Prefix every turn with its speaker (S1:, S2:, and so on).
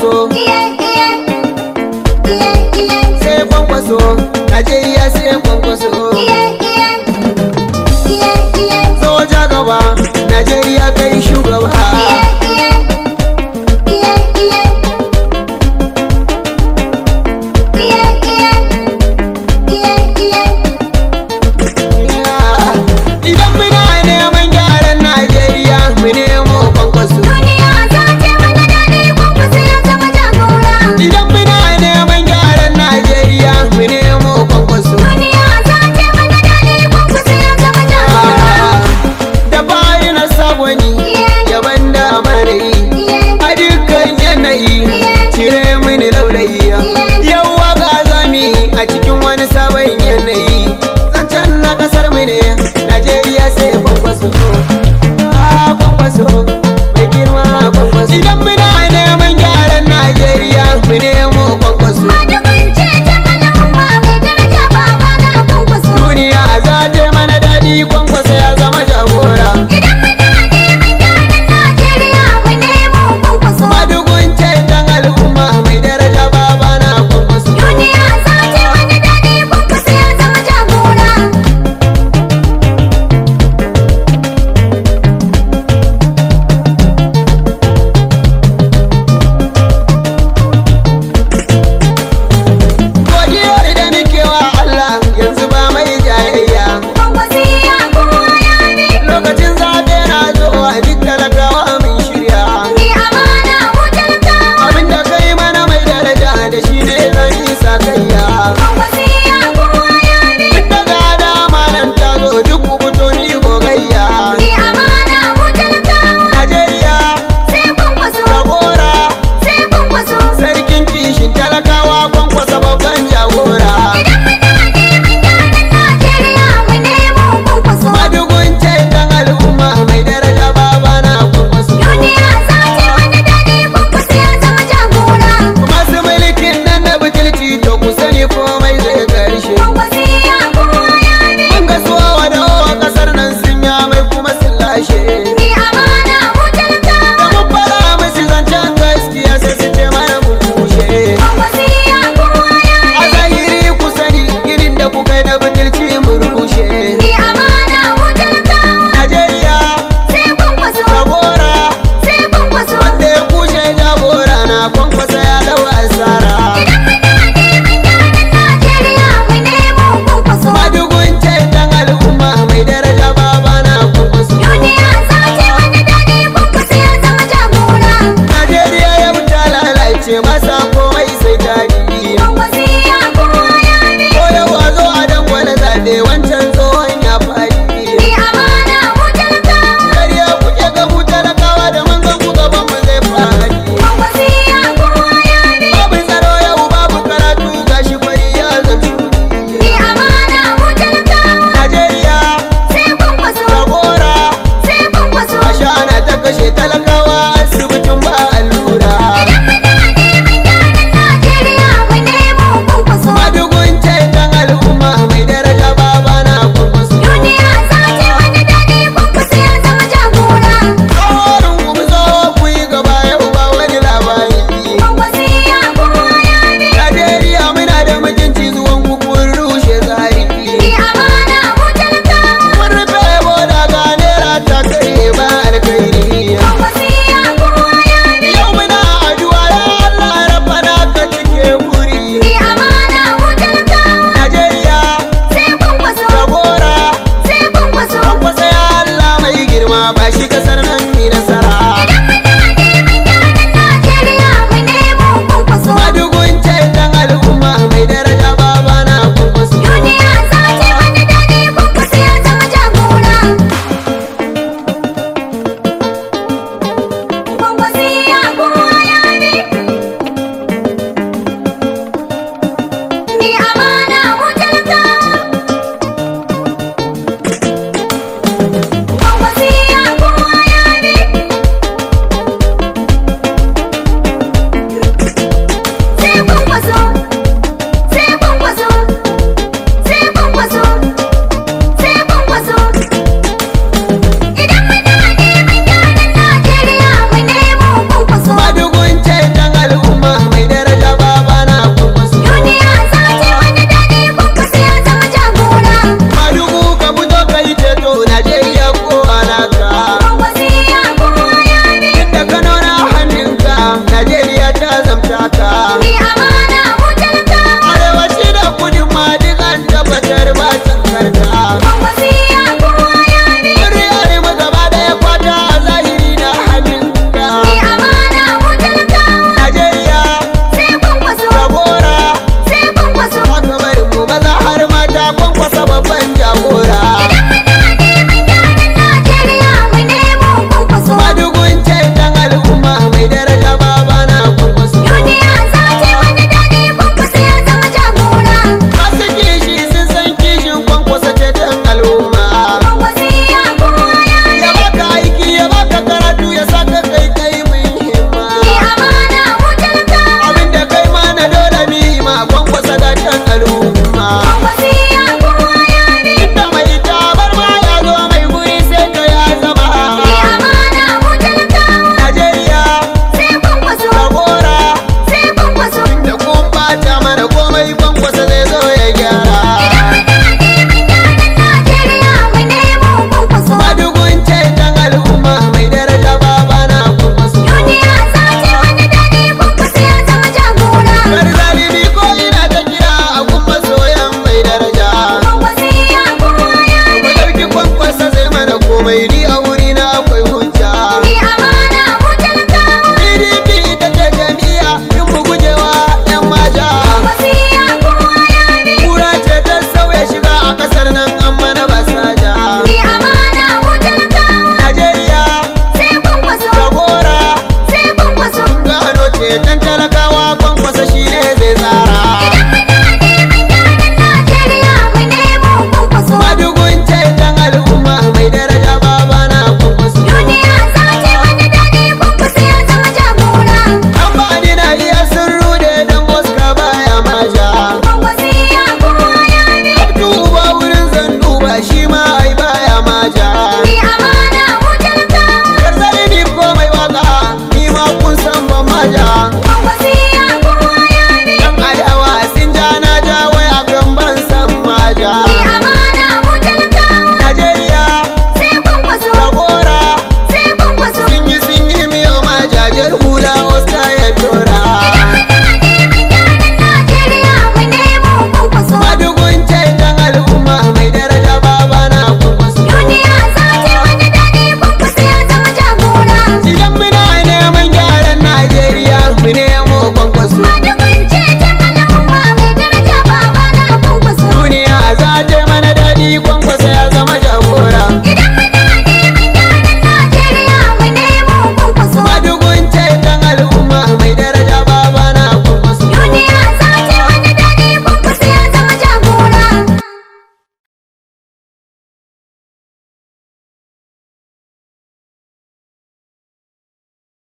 S1: kwankwaso sai kwankwaso najeriya sai kwankwaso soja gaba najeriya kai shugaba 아 maioria